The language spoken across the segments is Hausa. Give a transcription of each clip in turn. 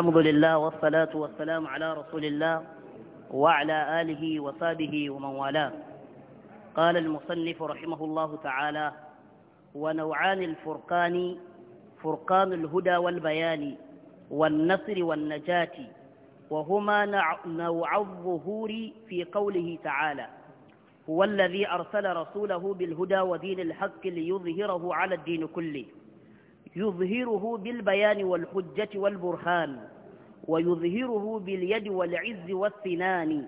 الحمد لله والصلاة والسلام على رسول الله وعلى آله وصحبه ومن والاه قال المصنف رحمه الله تعالى ونوعان الفرقان فرقان الهدى والبيان والنصر والنجاة وهما نوع الظهور في قوله تعالى هو الذي أرسل رسوله بالهدى ودين الحق ليظهره على الدين كله يظهره بالبيان والحجة والبرهان ويظهره باليد والعز والثنان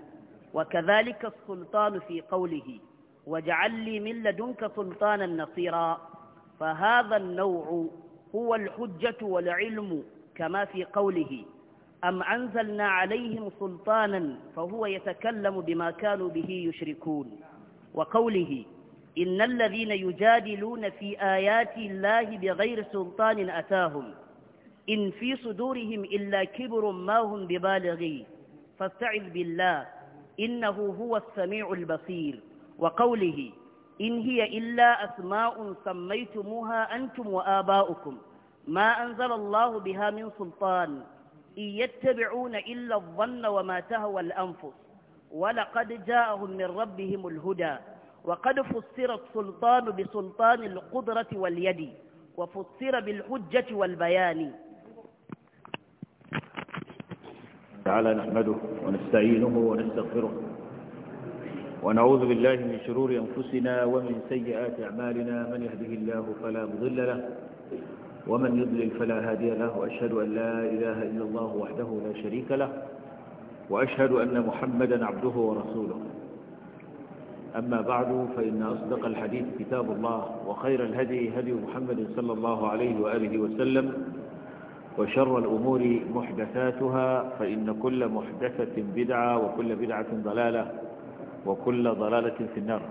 وكذلك السلطان في قوله واجعل لي من لدنك سلطانا نصيرا فهذا النوع هو الحجة والعلم كما في قوله أم أنزلنا عليهم سلطانا فهو يتكلم بما كانوا به يشركون وقوله إن الذين يجادلون في آيات الله بغير سلطان أتاهم إن في صدورهم إلا كبر ما هم ببالغي فاستعذ بالله إنه هو السميع البصير وقوله إن هي إلا أسماء سميتموها أنتم وآباؤكم ما أنزل الله بها من سلطان إن يتبعون إلا الظن وما تهوى الأنفس ولقد جاءهم من ربهم الهدى وقد فسر السلطان بسلطان القدرة واليد وفسر بالحجة والبيان تعالى نحمده ونستعينه ونستغفره ونعوذ بالله من شرور أنفسنا ومن سيئات أعمالنا من يهده الله فلا مضل له ومن يضلل فلا هادي له وأشهد أن لا إله إلا الله وحده لا شريك له وأشهد أن محمدا عبده ورسوله أما بعد فإن أصدق الحديث كتاب الله وخير الهدي هدي محمد صلى الله عليه وآله وسلم وشر الأمور محدثاتها فإن كل محدثة بدعة وكل بدعة ضلالة وكل ضلالة في النار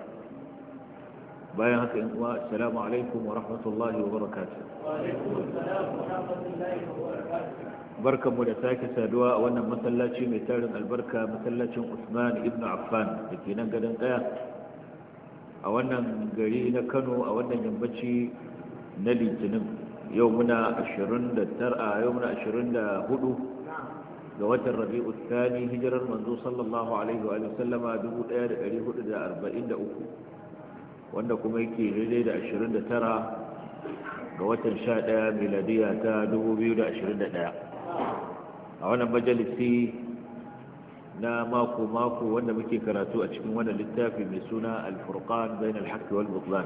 السلام عليكم ورحمة الله وبركاته وعليكم السلام ورحمة الله وبركاته بركة ملتاك سادواء وانا مثلاتي مثال البركة مثلاتي عثمان ابن عفان لكي ننقل انتهى a wannan gari na kano a wannan yammaci na litinin yau muna 29 a yau muna 24 ga watan rabi'u tsani hijirar manzo sallallahu alaihi wa sallama 1443 wanda kuma yake daidai da 29 ga watan 11 miladiya ta 2021 a wannan majalisi na mako mako wanda muke karatu a cikin wannan littafi mai suna alfurkan furqan bain wal butlan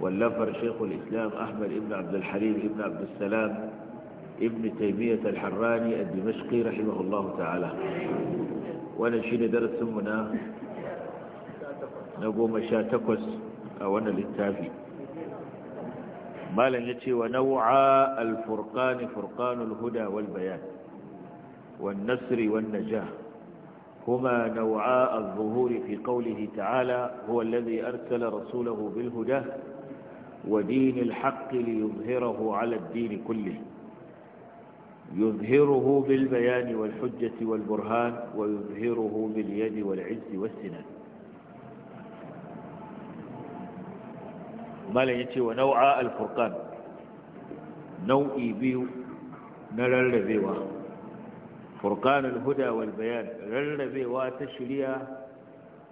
wallafar shaykhul islam ahmad ibn abd al-halim ibn abd salam ibn taymiyah al-harrani dimashqi rahimahullahu ta'ala wannan shi darasin mu na na goma sha takwas a wannan littafi malam yace wa nau'a alfurkani furkanul huda wal bayan wan nasri wan najah هما نوعاء الظهور في قوله تعالى هو الذي أرسل رسوله بالهدى ودين الحق ليظهره على الدين كله يظهره بالبيان والحجة والبرهان ويظهره باليد والعز والسنان ما لنتي يتي ونوعاء الفرقان نوئي بيو نرى الربيوه Furkanun huda wal bayan rarrabewa ta shirya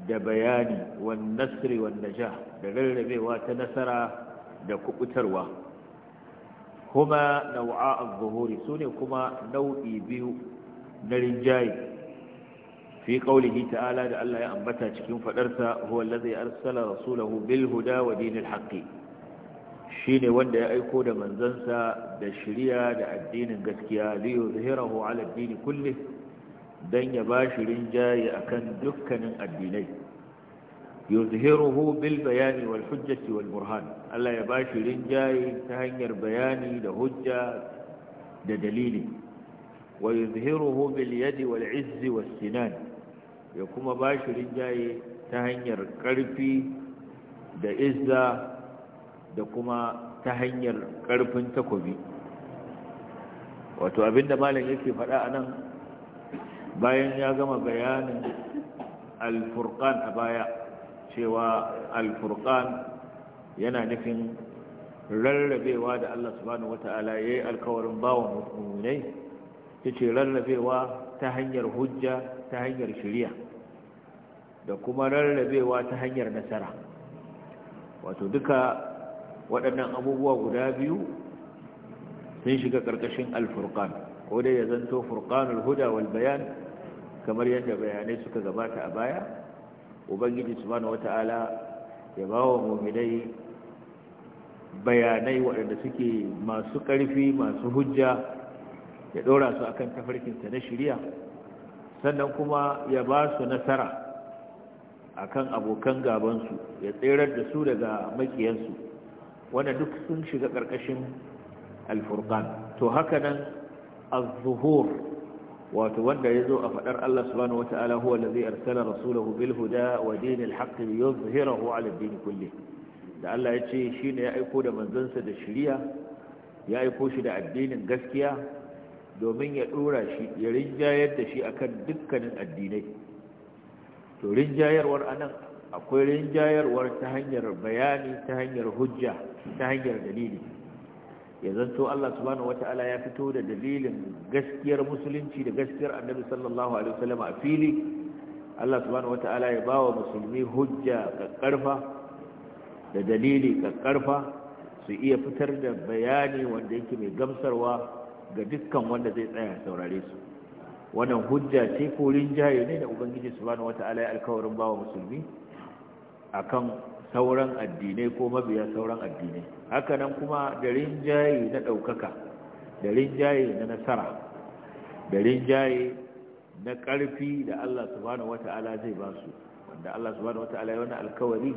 da bayani wan nasri wan da rarrabewa ta nasara da kubutarwa kuma nau'a az-zuhuri sune kuma nau'i biyu na rinjayi fi qaulihi ta'ala da Allah ya ambata cikin fadarsa huwa allazi arsala rasulahu bil huda wa dinil haqqi shine wanda ya aiko da manzansa da shiriya da addinin gaskiya li yuzhirahu ala ad-din kullih dan ya shi rinjaye akan dukkanin addinai yuzhiruhu bil bayani wal hujjati wal burhan Allah ya bashi rinjaye ta hanyar bayani da hujja da dalili wa yuzhiruhu bil yadi wal izzi sinan ya kuma bashi rinjaye ta hanyar karfi da izza da kuma ta hanyar karfin takobi wato abinda malam yake faɗa a nan bayan ya gama bayanin alfurkan a baya cewa alfurkan yana nufin rarrabewa da Allah subhanahu wata'ala ya yi alkawarin bawan mummunai ta ce rarrabewa ta hanyar hujja ta hanyar shirya da kuma rarrabewa ta hanyar nasara wato duka waɗannan abubuwa guda biyu sun shiga ƙarƙashin alfurkan ko dai ya zanto furkanul huda wal bayan kamar yadda bayanai suka gabata a baya ubangiji subhanahu wata'ala ya ba wa muminai bayanai waɗanda suke masu ƙarfi masu hujja ya ɗora su akan tafarkinsa na shirya sannan kuma ya ba su nasara akan abokan gabansu ya tserar da su daga makiyansu wanda duk sun shiga ƙarƙashin alfurkan. to haka nan az-zuhur wato wanda zo a faɗar Allah subhanahu wataala huwa allazi arsala rasulahu bil huda wa dinil haqq liyuzhirahu ala din kulli da Allah ya ce shine ya aiko da manzansa da shiriya, ya aiko shi da addinin gaskiya domin ya dora shi ya rinjayar da shi akan dukkanin addinai to rinjayarwar anan akwai rinjayarwar ta hanyar bayani ta hanyar hujja ta hanyar dalili ya zanto Allah subhanahu wata'ala ya fito da dalilin gaskiyar musulunci da gaskiyar annabi sallallahu alaihi wasallam a fili Allah subhanahu wata'ala ya bawa musulmi hujja karfa da dalili karfa su iya fitar da bayani wanda yake mai gamsarwa ga dukkan wanda zai tsaya saurare su wannan hujja ce ko rinjaye ne da ubangiji subhanahu wata'ala ya alkawarin bawa musulmi akan sauran addinai ko mabiya sauran addinai hakanan kuma da rinjaye na ɗaukaka da rinjaye na nasara da rinjaye na ƙarfi da Allah subhanahu wata'ala zai ba su wanda Allah subhanahu wata'ala ya wani alkawari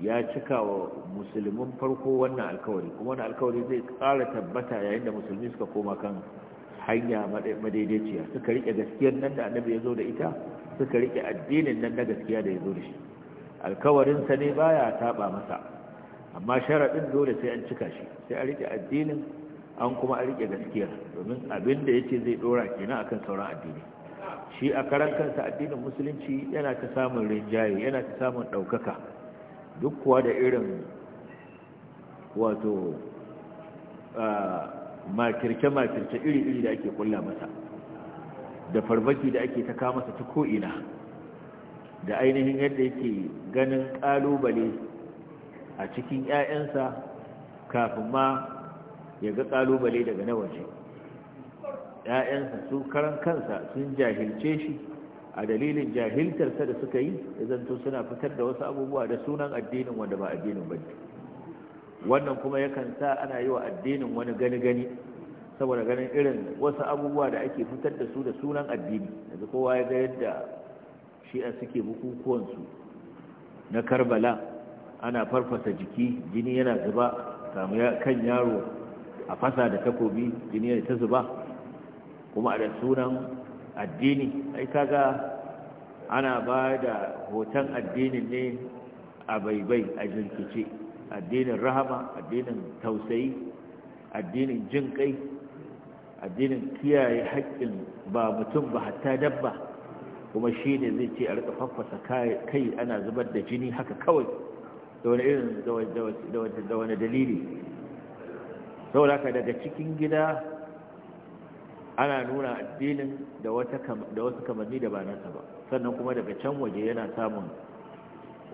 ya cika wa musulmin farko wannan alkawari kuma wannan alkawari zai ƙara tabbata yayin da musulmi suka koma kan hanya madaidaiciya suka rike gaskiyar nan da annabi ya zo da ita suka rike addinin nan na gaskiya da ya zo da shi alkawarinsa ne baya taɓa masa amma sharaɗin dole sai an cika shi sai a riƙe addinin an kuma a riƙe gaskiya domin abin da ya ce zai ɗora kenan akan sauran addini shi a karan kansa addinin musulunci yana ta samun rinjaye yana ta samun ɗaukaka duk kuwa da irin wato makirce-makirce iri-iri da ake kulla masa da farmaki da ake ta kama ta ko'ina da ainihin yadda yake ganin kalubale a cikin 'ya'yansa kafin ma ya ga kalubale daga na waje ‘ya'yansa su karan kansa sun jahilce shi a dalilin jahiltarsa da suka yi zanto suna fitar da wasu abubuwa da sunan addinin wanda ba addinin ba wannan kuma yakan sa ana yi wa addinin wani gani-gani saboda ganin irin wasu abubuwa da ake fitar da su da sunan addini yanzu kowa ya ga yadda shi a suke bukukuwansu na karbala ana farfasa jiki jini yana zuba kan yaro a fasa da takobi jini yana ta zuba kuma a da sunan addini ai kaga ana ba da hoton addinin ne a baibai a jirkice addinin rahama addinin tausayi addinin jin kai addinin kiyaye haƙƙin ba mutum ba hatta dabba kuma shi ne zai ce a rika faffasa kai ana zubar da jini haka kawai da wani irin da wani dalili sauraka daga cikin gida ana nuna addinin da wasu kamanni da ba nasa ba sannan kuma daga can waje yana samun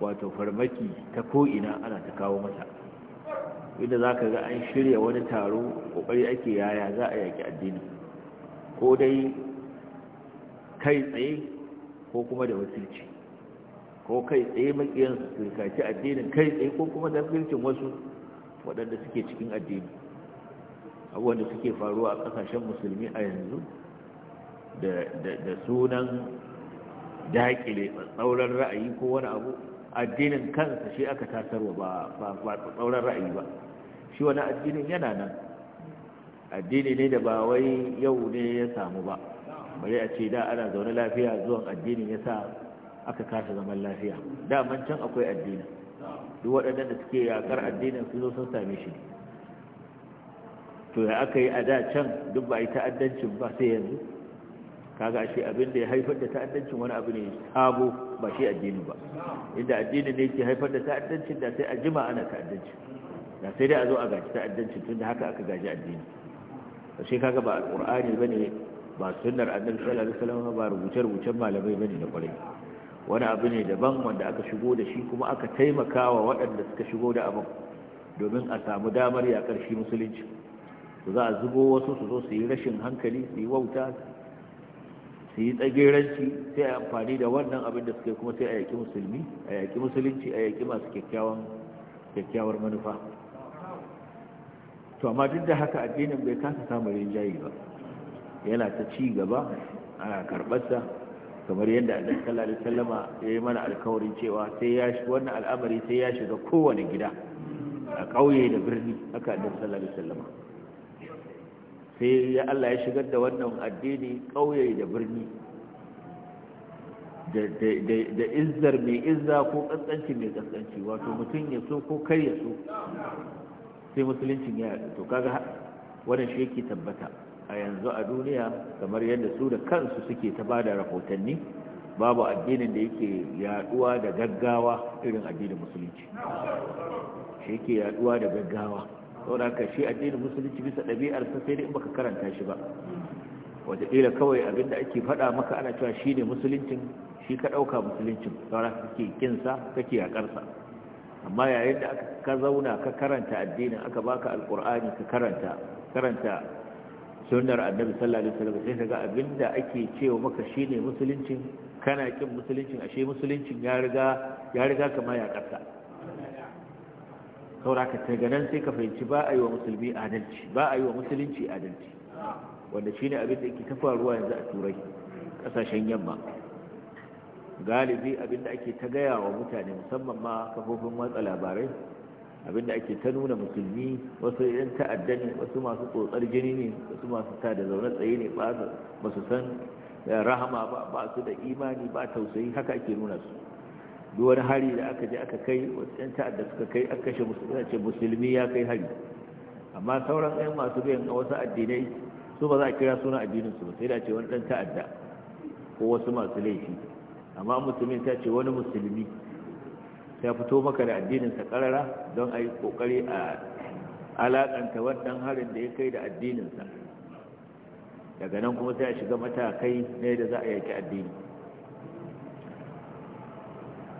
wato farmaki ta ko'ina ana ta kawo mata inda za ka ga an shirya wani taro ƙoƙari ake yaya za a yaƙi addinin ko dai kai tsaye ko kuma da wakilci ko kai tsaye makiyansu turkaci addinin kai tsaye ko kuma da wakilcin wasu waɗanda suke cikin addini abubuwan da suke faruwa a ƙasashen musulmi a yanzu da sunan daƙile tsauran ra'ayi ko wani abu addinin kansa shi aka tasarwa ba tsauran ra'ayi ba shi wani addinin yana nan addini ne da ba wai yau ne ya samu ba bari a ce da ana zaune lafiya zuwan addinin sa aka kasa zaman lafiya da can akwai addini duk waɗannan da suke yakar addinin su zo sun same shi to ya aka yi a da can duk ba a yi ta'addancin ba sai yanzu kaga shi abin da ya haifar da ta'addancin wani abu ne sabo ba shi addini ba inda addini ne ke haifar da ta'addancin da sai a jima ana ta'addanci da sai dai a zo a gaji ta'addancin tun da haka aka gaji addini to shi kaga ba alqur'ani bane ba sunar annabi sallallahu alaihi wasallam ba rubuce-rubucen malamai bane na kwarai wani abu ne daban wanda aka shigo da shi kuma aka taimakawa waɗanda suka shigo da abin domin a samu damar yakar shi musulunci su za a zubo wasu su zo su yi rashin hankali su yi wauta su yi tsageranci sai a amfani da wannan abin da suke kuma sai a yaki musulmi a yaki musulunci a yaƙi masu kyakkyawan kyakkyawar manufa to amma duk da haka addinin bai kasa samun rinjaye ba yana ta ci gaba ana karbarsa kamar yadda Allah sallallahu alaihi wasallam ya yi mana alƙawarin cewa sai ya wannan al'amari sai ya shiga kowane gida a ƙauye da birni haka annabi sallallahu alaihi wasallam sai ya Allah ya shigar da wannan addini ƙauye da birni da izzar mai izza ko ƙasƙanci mai ƙasƙanci wato mutum ya so ko kai ya so sai musuluncin ya to kaga wannan shi yake tabbata a yanzu a duniya kamar yadda su da kansu suke ta bada rahotanni babu addinin da yake yaduwa da gaggawa irin addinin musulunci shi yake yaduwa da gaggawa saboda ka shi addinin musulunci bisa ɗabi'ar sa sai in baka karanta shi ba wataƙila kawai abin da ake faɗa maka ana cewa shi ne musuluncin shi ka ɗauka musuluncin saura kake kinsa kake yaƙarsa amma yayin da ka zauna ka karanta addinin aka baka alƙur'ani ka karanta karanta sunnar annabi sallallahu alaihi wasallam sai kaga abinda ake cewa maka shine musuluncin kana kin musuluncin ashe musuluncin ya riga ya riga kama ya kasa ka daga nan sai ka fahimci ba a yi wa musulmi adalci ba a yi wa musulunci adalci wanda shine abin da yake ta faruwa yanzu a turai kasashen yamma galibi abin da ake ta gaya wa mutane musamman ma kafofin watsa labarai abinda ake ta nuna musulmi wasu yan ta'adda ne wasu masu tsotsar jini ne wasu masu ta da zaune tsaye ne ba su san eh, rahama ba ba su da imani ba tausayi haka ake nuna su duk wani hari da aka je aka kai wasu yan ta'adda suka kai aka kashe musulmi musulmi ya kai hari amma sauran ɗayan masu biyan wasu addinai su ba za a kira suna addininsu ba sai da ce wani ɗan ta'adda ko wasu masu laifi amma musulmi ta ce wani musulmi ya fito maka da addininsa karara don a yi kokari a alakanta wannan harin da ya kai da addininsa daga nan kuma sai a shiga matakai ne da za a yaki addini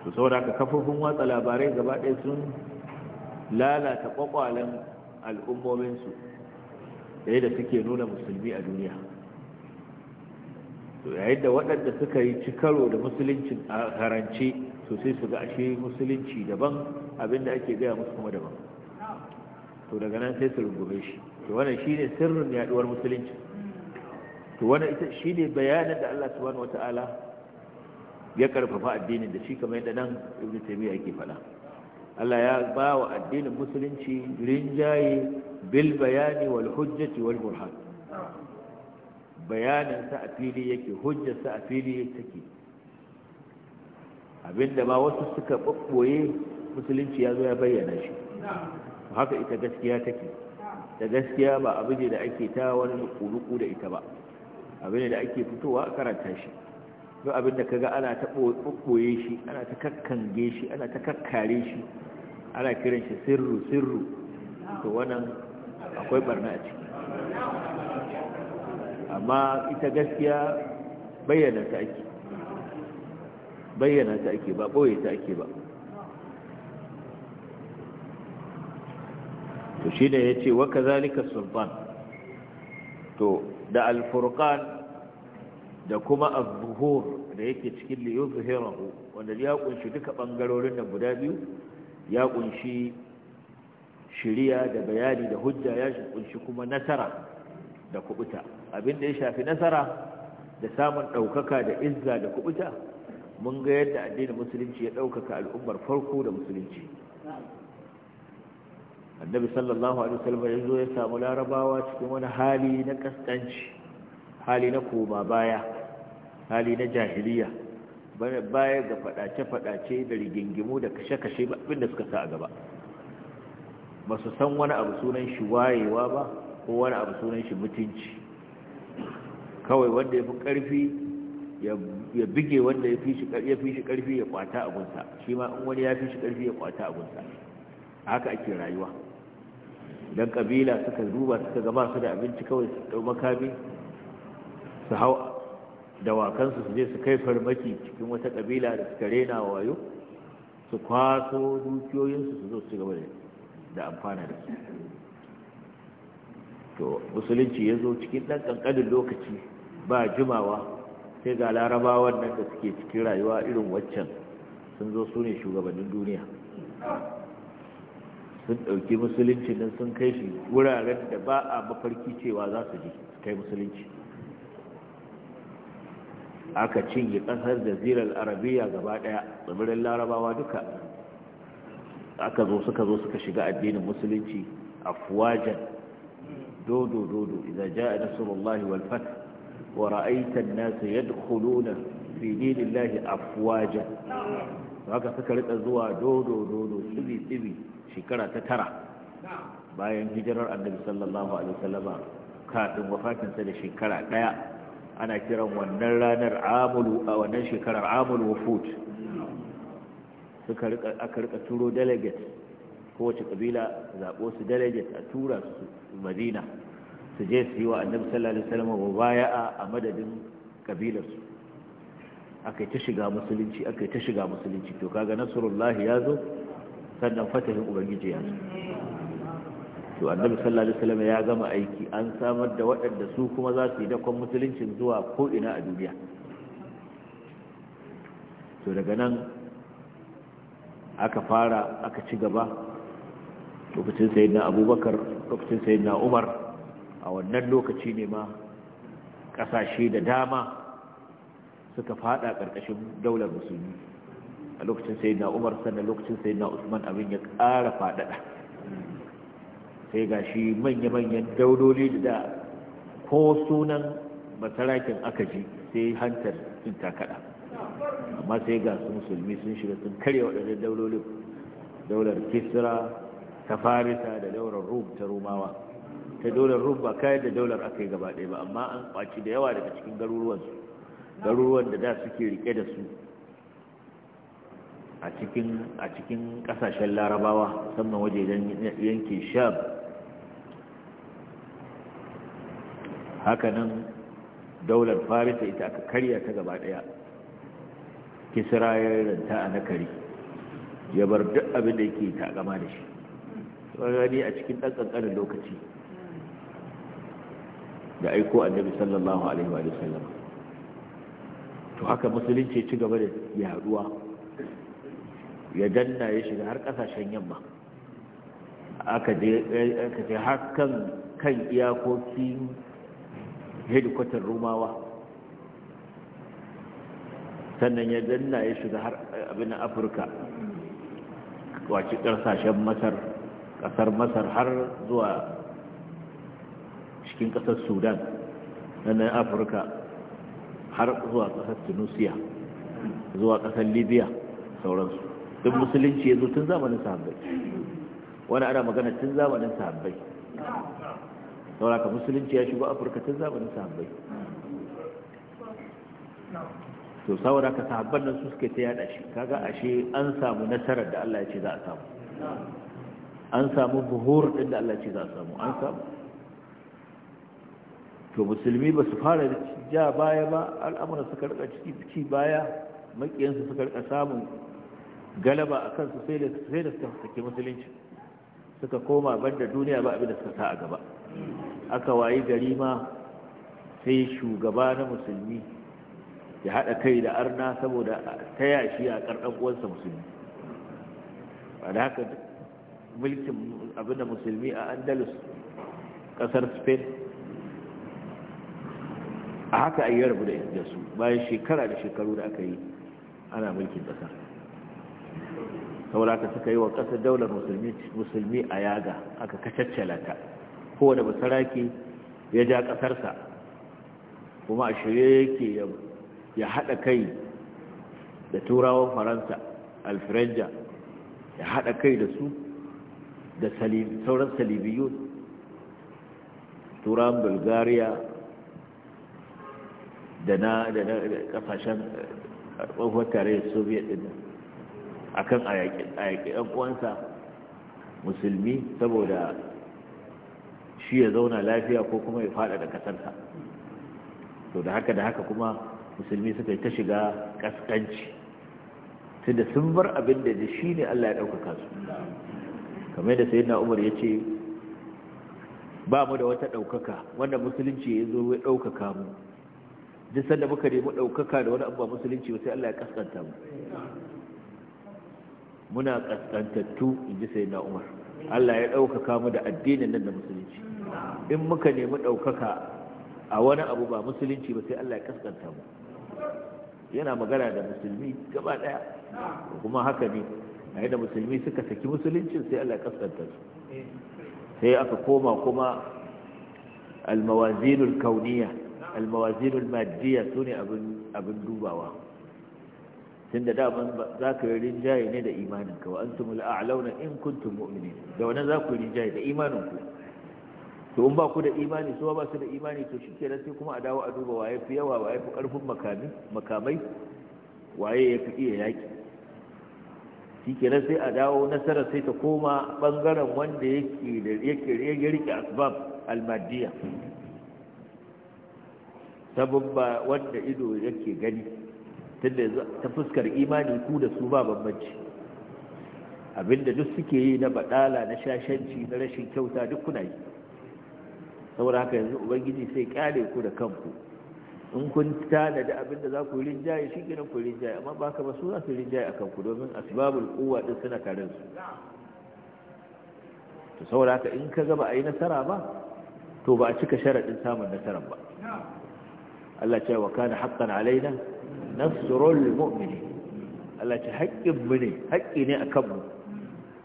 su saboda ka kafofin watsa labarai gaba ɗaya sun lalata kwakwalen al'ummominsu da suke nuna musulmi a duniya yayin da waɗanda suka yi cikaro da musulunci a haranci to sai su ga ashe musulunci daban abinda ake gaya musu kuma daban to daga nan sai su rungume shi to wannan shine sirrin yaduwar musulunci to wannan ita shine bayanin da Allah subhanahu wataala ya karfafa addinin da shi kamar yadda nan Ibn Taymiyyah yake faɗa Allah ya ba wa addinin musulunci rinjaye bil bayani wal hujjati wal burhan bayanin sa a fili yake hujjar sa a fili take abinda ma wasu suka ɓoɓɓoye musulunci ya zo ya bayyana shi haka ita gaskiya take da gaskiya ba abu ne da ake ta wani ƙuruƙu da ita ba abin da ake fitowa a karanta shi duk abin da kaga ana ta ɓoɓɓoye shi ana ta kakkange shi ana ta kakkare shi ana kiran shi sirru sirru to wannan akwai barna a ciki amma ita gaskiya bayyana ta ake bayyana ta ake ba ɓoye ta ake ba to shi ne ya ce wa zalika sultan to da alfurkan da kuma abuhur da yake cikin li wanda ya kunshi duka ɓangarorin da guda biyu ya kunshi shiriya da bayani da hujja ya kunshi kuma nasara da kubuta abinda ya shafi nasara da samun ɗaukaka da izza da kubuta mun ga yadda addinin musulunci ya ɗaukaka al'ummar farko da musulunci annabi sallallahu alaihi wasallam ya zo ya samu larabawa cikin wani hali na kaskanci hali na koma baya hali na jahiliya baya ga fadace-fadace da rigingimu da kashe-kashe abin da suka sa a gaba ba su san wani abu sunan shi wayewa ba ko wani abu sunan shi mutunci kawai wanda ya fi ƙarfi ya bige wanda ya fi shi karfi ya kwata abunsa shi ma in wani ya fi shi karfi ya kwata abunsa haka ake rayuwa don kabila suka duba suka gama su da abinci kawai su dau makami su hau dawakansu su je su kai farmaki cikin wata kabila da suka rena wayo su kwaso dukiyoyinsu su zo su gaba da amfana da su to musulunci ya zo cikin ɗan ƙanƙanin lokaci ba jimawa sai ga larabawan nan da suke cikin rayuwa irin waccan sun zo su ne shugabannin duniya sun ɗauki musulunci nan sun kai shi wuraren da ba a mafarki cewa za su ji kai musulunci aka cinye ƙasar da zirar arabiya gaba ɗaya tsibirin larabawa duka aka zo suka zo suka shiga addinin musulunci a Fuwajen? dodo dodo idan ja'a nasrullahi wal fath ورأيت الناس يدخلون في دين الله أفواجا haka suka rika zuwa dodo dodo tsibi shekara ta tara bayan hijirar annabi sallallahu alaihi wasallama kafin wafatinsa da shekara daya ana kiran wannan ranar amulu a wannan shekarar amul wufut suka rika aka rika turo delegate kowace kabila zabo su delegate a tura su madina su je su yi wa annabi sallallahu alaihi wasallam baya'a a madadin su akai ta shiga musulunci akai ta shiga musulunci to kaga nasrullahi yazo sannan fatahin ubangiji yazo to annabi sallallahu alaihi wasallam ya gama aiki an samar da waɗanda su kuma za su yi dakon musuluncin zuwa ko ina a duniya to daga nan aka fara aka ci gaba lokacin sayyidina abubakar lokacin sayyidina umar a wannan lokaci ne ma ƙasashe da dama suka fada ƙarƙashin daular musulmi a lokacin sai na umar sannan lokacin sai na usman abin ya ƙara fadada sai ga shi manya-manyan daudoli da ko sunan masarakin aka ji sai hantar sun takaɗa amma sai ga su musulmi sun shiga sun karya waɗannan daular kisra ta farisa da daular rum ta rumawa ta dolar rum ba kayan da daular aka yi gaba ɗaya ba amma an kwaci da yawa daga cikin garuruwansu garuruwan da da suke rike da su a cikin a kasashen larabawa musamman dan yankin sham hakanan daular farisa ita aka karya ta gaba ɗaya kisra ya ranta a nakari ya bar duk abin da yake gama da shi wani a cikin ɗan ƙanƙanin lokaci da aiko annabi sallallahu alaihi wa sallam to haka musulunci ci gaba da yaduwa ya danna ya shiga har kasashen yamma aka je aka je har kan kan iyakokin hedikwatar rumawa sannan ya danna ya shiga har abin afirka kwaci ƙasashen masar ƙasar masar har zuwa cikin ƙasar sudan nan afirka har zuwa ƙasar tunisia zuwa ƙasar libya sauransu duk musulunci ya zo tun zamanin sahabbai wani ana magana tun zamanin sahabbai sauraka musulunci ya shigo afirka tun zamanin sahabbai to saboda ka sahabban nan su suke ta yada shi kaga ashe an samu nasarar da Allah ya ce za a samu an samu buhur din da Allah ya ce za a samu an samu to musulmi ba su fara ja baya ba al'amura suka rika ciki baya makiyansu suka rika samun galaba a kansu sai da suka saki musulunci suka koma banda duniya ba abin da suka sa a gaba aka wayi gari ma sai shugaba na musulmi ya haɗa kai da arna saboda ta shi a ƙarɗan uwansa musulmi a da haka mulkin abin da musulmi a andalus ƙasar spain a haka a yi rabu da su bayan shekara da shekaru da aka yi ana mulkin ƙasa saboda suka yi wa ƙasar daular musulmi a yaga aka kacaccala ta kowane masaraki ya ja ƙasarsa kuma a shirye yake ya haɗa kai da turawan faransa alfiranja ya haɗa kai da su da sauran salibiyu turawan bulgaria da na da kasashen eh, tsohuwar tarayyar soviet din a kan a ɗan uwansa musulmi saboda shi ya zauna lafiya ko kuma ya fada da ƙasarsa to da haka da haka kuma musulmi suka yi ta shiga ƙasƙanci tunda sun bar abin da shi ne allah ya ɗaukaka su kamar yadda sayi na umar ya ce ba mu da wata ɗaukaka wanda musulunci ya zo ya ɗaukaka mu duk sanda muka nemi ɗaukaka da wani abu ba musulunci ba sai Allah ya kaskanta mu muna kaskantattu in ji sai na umar Allah ya ɗaukaka mu da addinin nan da musulunci in muka nemi ɗaukaka a wani abu ba musulunci ba sai Allah ya kaskanta mu yana magana da musulmi gaba ɗaya kuma haka ne a yadda musulmi suka saki musuluncin sai Allah ya kaskanta su sai aka koma kuma almawazinul kauniya almawazinul Madiyya su ne abin dubawa tunda da daman za ka yi rinjaye ne da imaninka wa an a a'launa in kuntum mu'minin da wannan za ku rinjaye da imaninku to in ba ku da imani su ba su da imani to shi kenan sai kuma a dawo a duba waye fi yawa waye fi karfin makami makamai waye ya fi iya yaki shi kenan sai a dawo nasara sai ta koma bangaren wanda yake da yake rike asbab almadiyya ta babba wanda ido yake gani tunda ta fuskar imani ku da su ba bambanci abinda duk suke yi na badala na shashanci na rashin kyauta duk kuna yi saboda haka yanzu ubangiji sai kyale ku da kanku in kun tana da abinda za ku rinjaye shi kenan ku rinjaye amma ba ka ba su za su rinjaye a kanku domin asbabul kowa din suna tare su to saboda haka in ka ga ba a yi nasara ba to ba a cika sharaɗin samun nasarar ba Allah ce wa kana haqqan alaina nasrul mu'minin Allah ce haƙƙin mu ne haƙƙi ne akan mu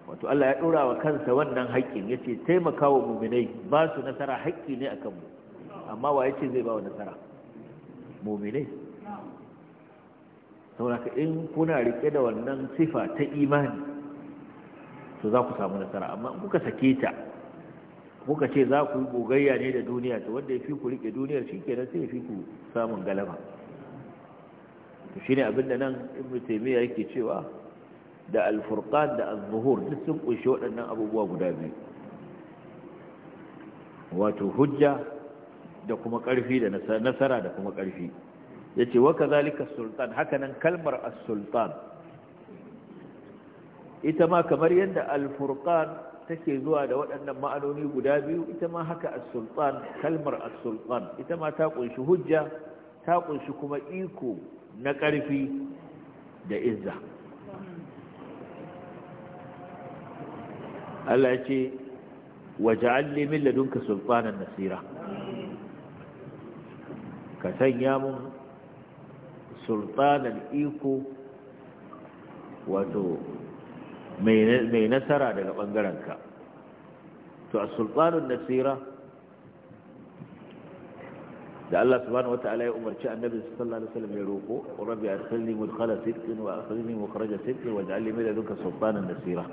wato Allah ya dora wa kansa wannan haƙƙin yace taimakawa mu'minai ba su nasara haƙƙi ne akan mu amma wa yace zai ba wa nasara mu'minai saboda in kuna rike da wannan sifa ta imani to za ku samu nasara amma in kuka sake ta kuka ce za ku yi gogayya ne da duniya ta wanda ya fi ku rike duniyar shi kenan sai ya fi ku samun galaba shi ne abinda nan ibn taimiyya yake cewa da alfurqan da az-zuhur duk sun kunshi waɗannan abubuwa guda biyu wato hujja da kuma ƙarfi da nasara da kuma ƙarfi yace wa kazalika sultan hakanan kalmar as-sultan ita ma kamar yadda al take zuwa da waɗannan ma'anoni guda biyu ita ma haka as-sultan kalmar as-sultan ita ma ta kunshi hujja ta kunshi kuma iko na ƙarfi da izza Allah ce waja'al li min ladunka sultanan nasira ka sanya mun sultanan iko wato mai nasara daga ɓangarenka to a sulɓanun nasira da Allah subhanahu wata'ala ya umarci annabi sallallahu alaihi wasallam ya roko rabbi arsilni mudkhala sidqin wa akhrijni mukhraja sidqin wa ja'alni min ladunka sultanan nasira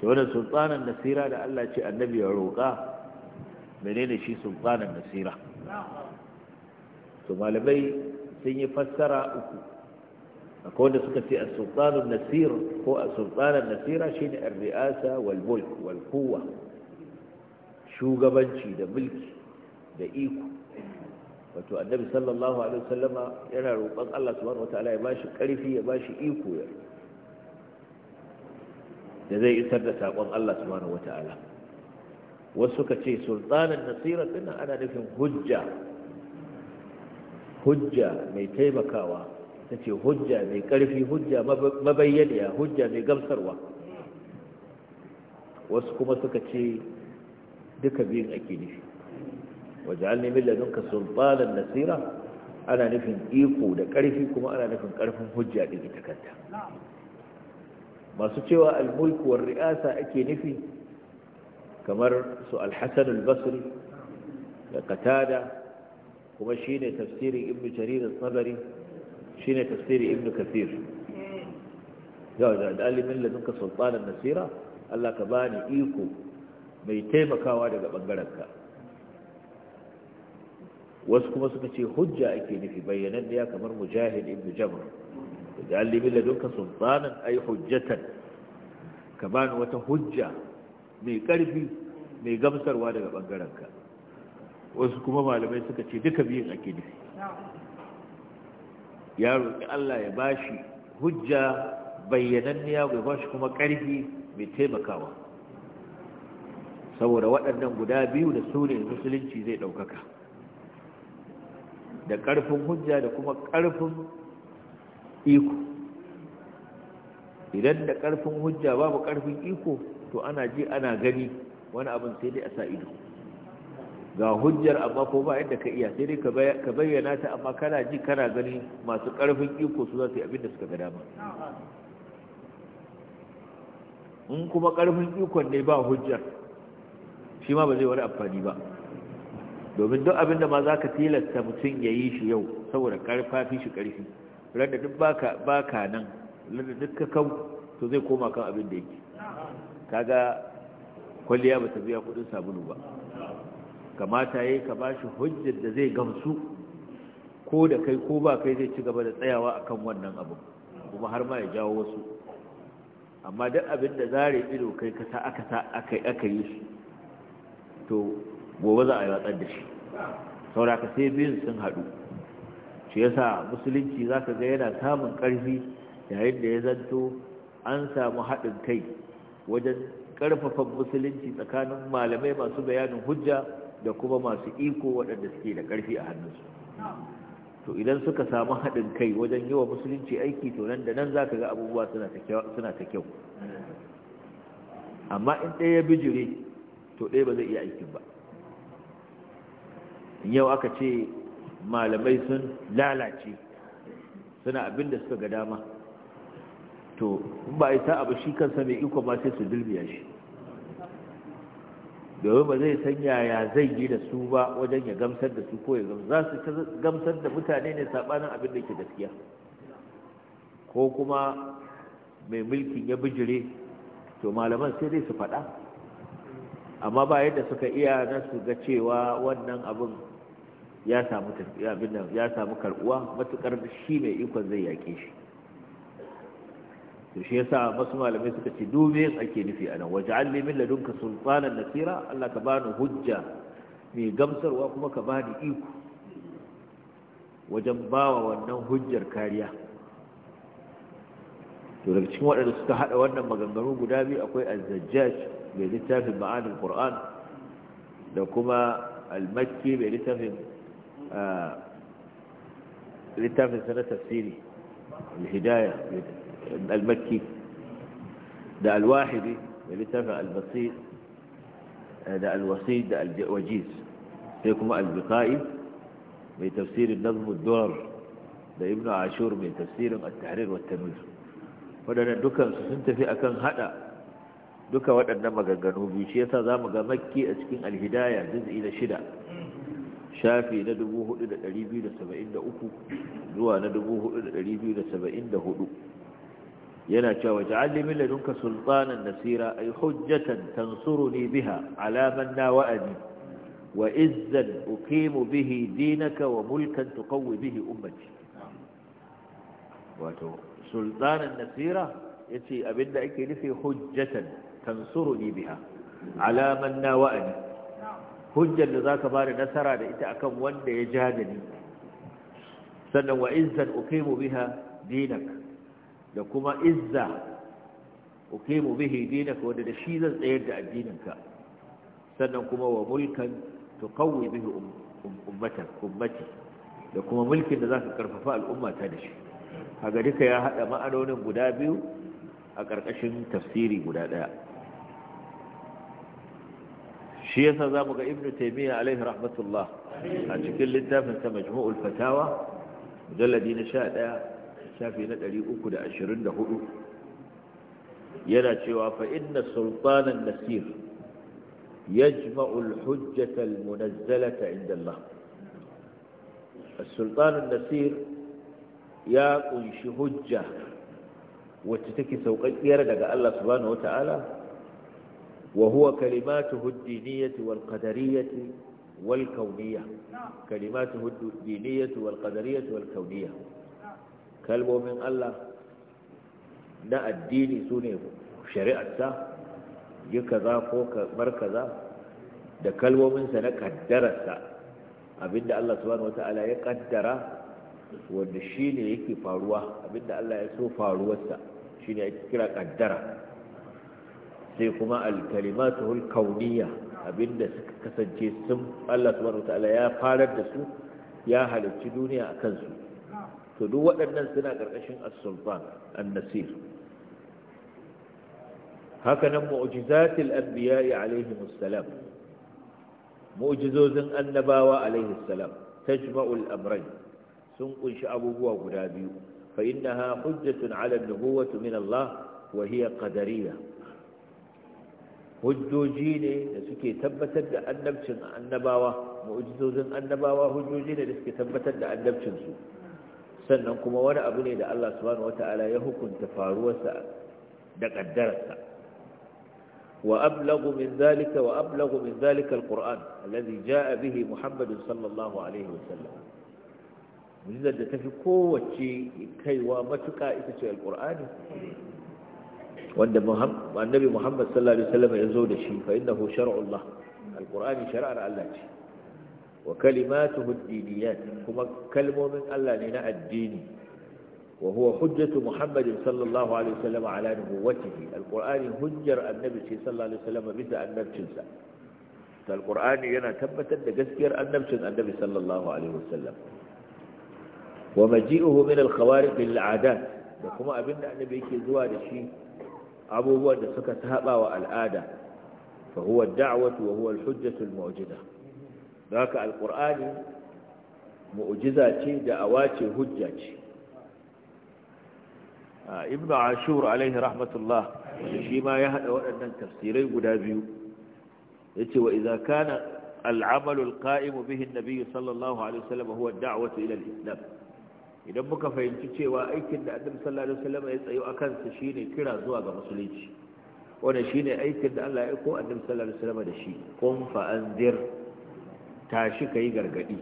to wannan sultanan nasira da Allah ce annabi ya roka menene shi sultanan nasira to malamai sun yi fassara uku akwai wanda suka ce a sultanun nasir ko a sultanun nasira shine ar-ri'asa wal mulk shugabanci da mulki da iko wato annabi sallallahu alaihi wasallama yana roƙon Allah subhanahu wataala ya bashi ƙarfi ya bashi iko ya da zai isar da saƙon Allah subhanahu wataala wasu suka ce sultanan nasira din ana nufin hujja hujja mai taimakawa ta ce hujja mai ƙarfi hujja mabayyaniya hujja mai gamsarwa wasu kuma suka ce duka biyun ake nufi waje an nemi lalunka sultanan nasira ana nufin iko da ƙarfi kuma ana nufin ƙarfin hujja ɗin ita kanta masu cewa almulkuwar ri'asa ake nufi kamar su alhassan albasri da katada kuma shi ne tafsirin ibn jarir sabari shine tafsiri ibnu kathir yau da alimin ladunka sultanan nasira Allah ka bani iko mai taimakawa daga bangarenka wasu kuma suka ce hujja ake nufi bayyanan da ya kamar mujahid ibnu jabr da alimin ladunka sultanan ay hujjatan ka bani wata hujja mai karfi mai gamsarwa daga bangarenka wasu kuma malamai suka ce duka biyun ake nufi ya roƙi Allah ya bashi hujja bayyananniya ya bashi kuma ƙarfi mai taimakawa saboda waɗannan guda biyu da sune musulunci zai ɗaukaka da ƙarfin hujja da kuma ƙarfin iko idan da ƙarfin hujja babu ƙarfin iko to ana ji ana gani wani abin sai dai a sa ido ga hujjar amma ko ba yadda ka iya sai dai ka bayyana ta amma kana ji kana gani masu karfin iko su za su yi abin da suka gada dama in kuma karfin iko ne ba hujjar shi ma ba zai wani amfani ba domin duk abin da ma za ka tilasta mutum ya yi shi yau saboda karfafi shi karfi randa duk ba ka nan randa duk ka to zai koma kan abin da yake kaga kwalliya ba ta biya kudin sabulu ba kamata yayi ka shi hujjar da zai gamsu ko da kai ko ba kai zai ci gaba da tsayawa akan wannan abu kuma har ma ya jawo wasu amma duk abin da zare ido kai ka sa aka sa aka yi shi to gobe za a yi watsar da shi saboda ka sai biyun sun haɗu shi yasa musulunci zaka ga yana samun karfi yayin da ya zanto an samu haɗin kai wajen ƙarfafa musulunci tsakanin malamai masu bayanin hujja da kuma masu iko waɗanda suke da ƙarfi a hannunsu to idan suka samu haɗin kai wajen yi wa musulunci aiki to nan da nan za ka ga abubuwa suna ta kyau amma in ɗaya bijire to ɗaya ba zai iya aikin ba yau aka ce malamai sun lalace suna abin da suka ga dama to a ba ta abu shi kansa mai iko ma sai su dilbiya shi domin ba zai san yaya zai yi da su ba wajen ya gamsar da su ko ya gamsar za su gamsar da mutane ne sabanin abin da ke gaskiya ko kuma mai mulkin ya bijire to malaman sai dai su faɗa amma ba yadda suka iya na su ga cewa wannan abin ya samu karɓuwa matuƙar shi mai ikon zai yaƙe shi to shi yasa wasu malamai suka ce dube ake nufi anan waj'al li min ladunka sultanan nasira Allah ka bani hujja mai gamsarwa kuma ka bani iko wajen bawa wannan hujjar kariya to daga cikin waɗanda suka haɗa wannan maganganu guda biyu akwai az-zajjaj mai littafin ma'anin qur'an da kuma al-makki mai littafin littafin sanar tafsiri al-hidayah al da al-wahidi da da al da al sai kuma al-biqai mai tafsirin nazm ad da ibnu ashur mai tafsirin at-tahrir wa at sun tafi kan haɗa duka waɗannan maganganu biyu shi yasa zamu ga makki a cikin alhidaya hidaya juz'i shida shafi na zuwa na 4274 yana cewa ja'alli min ladunka sultanan nasira ay hujjatan tansuruni biha ala man na wa'adi wa izzan uqimu bihi dinaka wa mulkan tuqawwi bihi ummati wato sultanan nasira yace abinda ake nufi hujjatan tansuruni biha ala man na wa'adi hujjar da zaka bada nasara da ita akan wanda ya jadani sannan wa izzan uqimu biha dinaka da kuma izza mu bihi dinaka wanda da shi zan tsayar da addininka sannan kuma wa mulkan tuqawwi bihi um-, um-, ummati da kuma mulkin da zaka karfafa al'umma ta da shi kaga duka ya haɗa ma'anonin guda biyu a ƙarƙashin tafsiri guda ɗaya. shi yasa zamu ga ibnu taimiyya alaihi rahmatullah a cikin littafin sa majmu'ul fatawa mujalladi na sha ɗaya. littafi na 324 yana cewa fa inna sultanan nasir ya yajma'ul hujjatar munazzalata inda Allah السلطان nasir ya kunshi hujja wacce take sauƙaƙiyar daga Allah subhanahu wa ta’ala wa huwa kalimatu ad wal qadariyyati wal kauniyya kalimatu ad wal qadariyyati wal kauniyya kalmomin Allah na addini su ne shari'arsa yi kaza ko kamar kaza da kalmominsa na kaddararsa abinda Allah subhanahu wata'ala ya kaddara wanda shi ne yake faruwa abinda Allah ya so faruwarsa shi ne yake kira kaddara sai kuma alkalimatu kauniya abinda suka kasance sun Allah subhanahu wata'ala ya farar da su ya halarci duniya a kansu to duk waɗannan suna ƙarƙashin as-sultan an-nasir haka nan mu'jizatil anbiya alayhi salam mu'jizozin annabawa alaihi salam al amrayn sun kunshi abubuwa guda biyu fa innaha hujjatun 'ala an nubuwati min Allah wa hiya qadariyya hujjoji ne da suke tabbatar da annabcin annabawa mu'jizozin annabawa hujjoji ne da suke tabbatar da annabcin su sannan kuma wani abu ne da Allah subhanahu wata'ala ya hukunta faruwarsa da kaddararsa wa ablagu min zalika wa ablagu min zalika alquran alladhi jaa bihi muhammad sallallahu alaihi wasallam mu'jizar da tafi kowace kaiwa matuka ita ce alqurani wanda annabi muhammad sallallahu alaihi wasallam ya zo da shi fa innahu shar'ullah alqurani shar'ar Allah ce wa kalimatuhu ad-diniyat kuma kalmomin Allah ne na addini wa huwa hujjatu Muhammadin sallallahu alaihi wasallam ala nubuwwatihi al-Qur'ani hujjar annabi sallallahu alaihi wasallam bisa annabcinsa al-Qur'ani yana tabbatar da gaskiyar annabcin annabi sallallahu alaihi wasallam wa maji'uhu min al-khawariq da kuma abinda annabi yake zuwa da shi abubuwan da suka saba wa al'ada fa huwa ad-da'watu wa huwa al-hujjatu al-mu'jidah da haka alkur'ani mu'jiza ce da awace hujja ce ibn ashur alaihi rahmatullah shi ma ya hada waɗannan tafsirai guda biyu yace wa idza kana al'amal alqa'im bihi an-nabiy sallallahu alaihi wasallam huwa ad ila al-islam idan muka fahimci cewa aikin da annabi sallallahu alaihi wasallam ya tsayo akan sa shine kira zuwa ga musulunci wannan shine aikin da Allah ya aiko annabi sallallahu alaihi wasallam da shi qum fa anzir tashi ka yi gargadi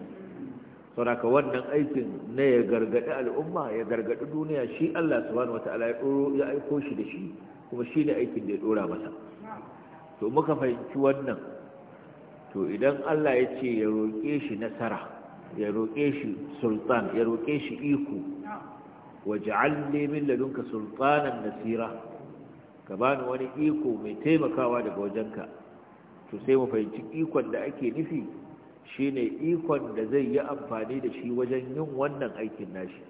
sauraka wannan aikin na ya gargadi al'umma ya gargaɗi duniya shi Allah subhanahu wata'ala ya aiko shi da shi kuma shi ne aikin da ya dora masa to muka fahimci wannan to idan Allah ya ce ya roƙe shi nasara ya roƙe shi sultan ya roƙe shi iko waj'al li min ladunka sultanan nasira ka bani wani iko mai taimakawa daga wajenka to sai mu fahimci ikon da ake nufi Shi ne ikon da zai yi amfani da shi wajen yin wannan aikin nashi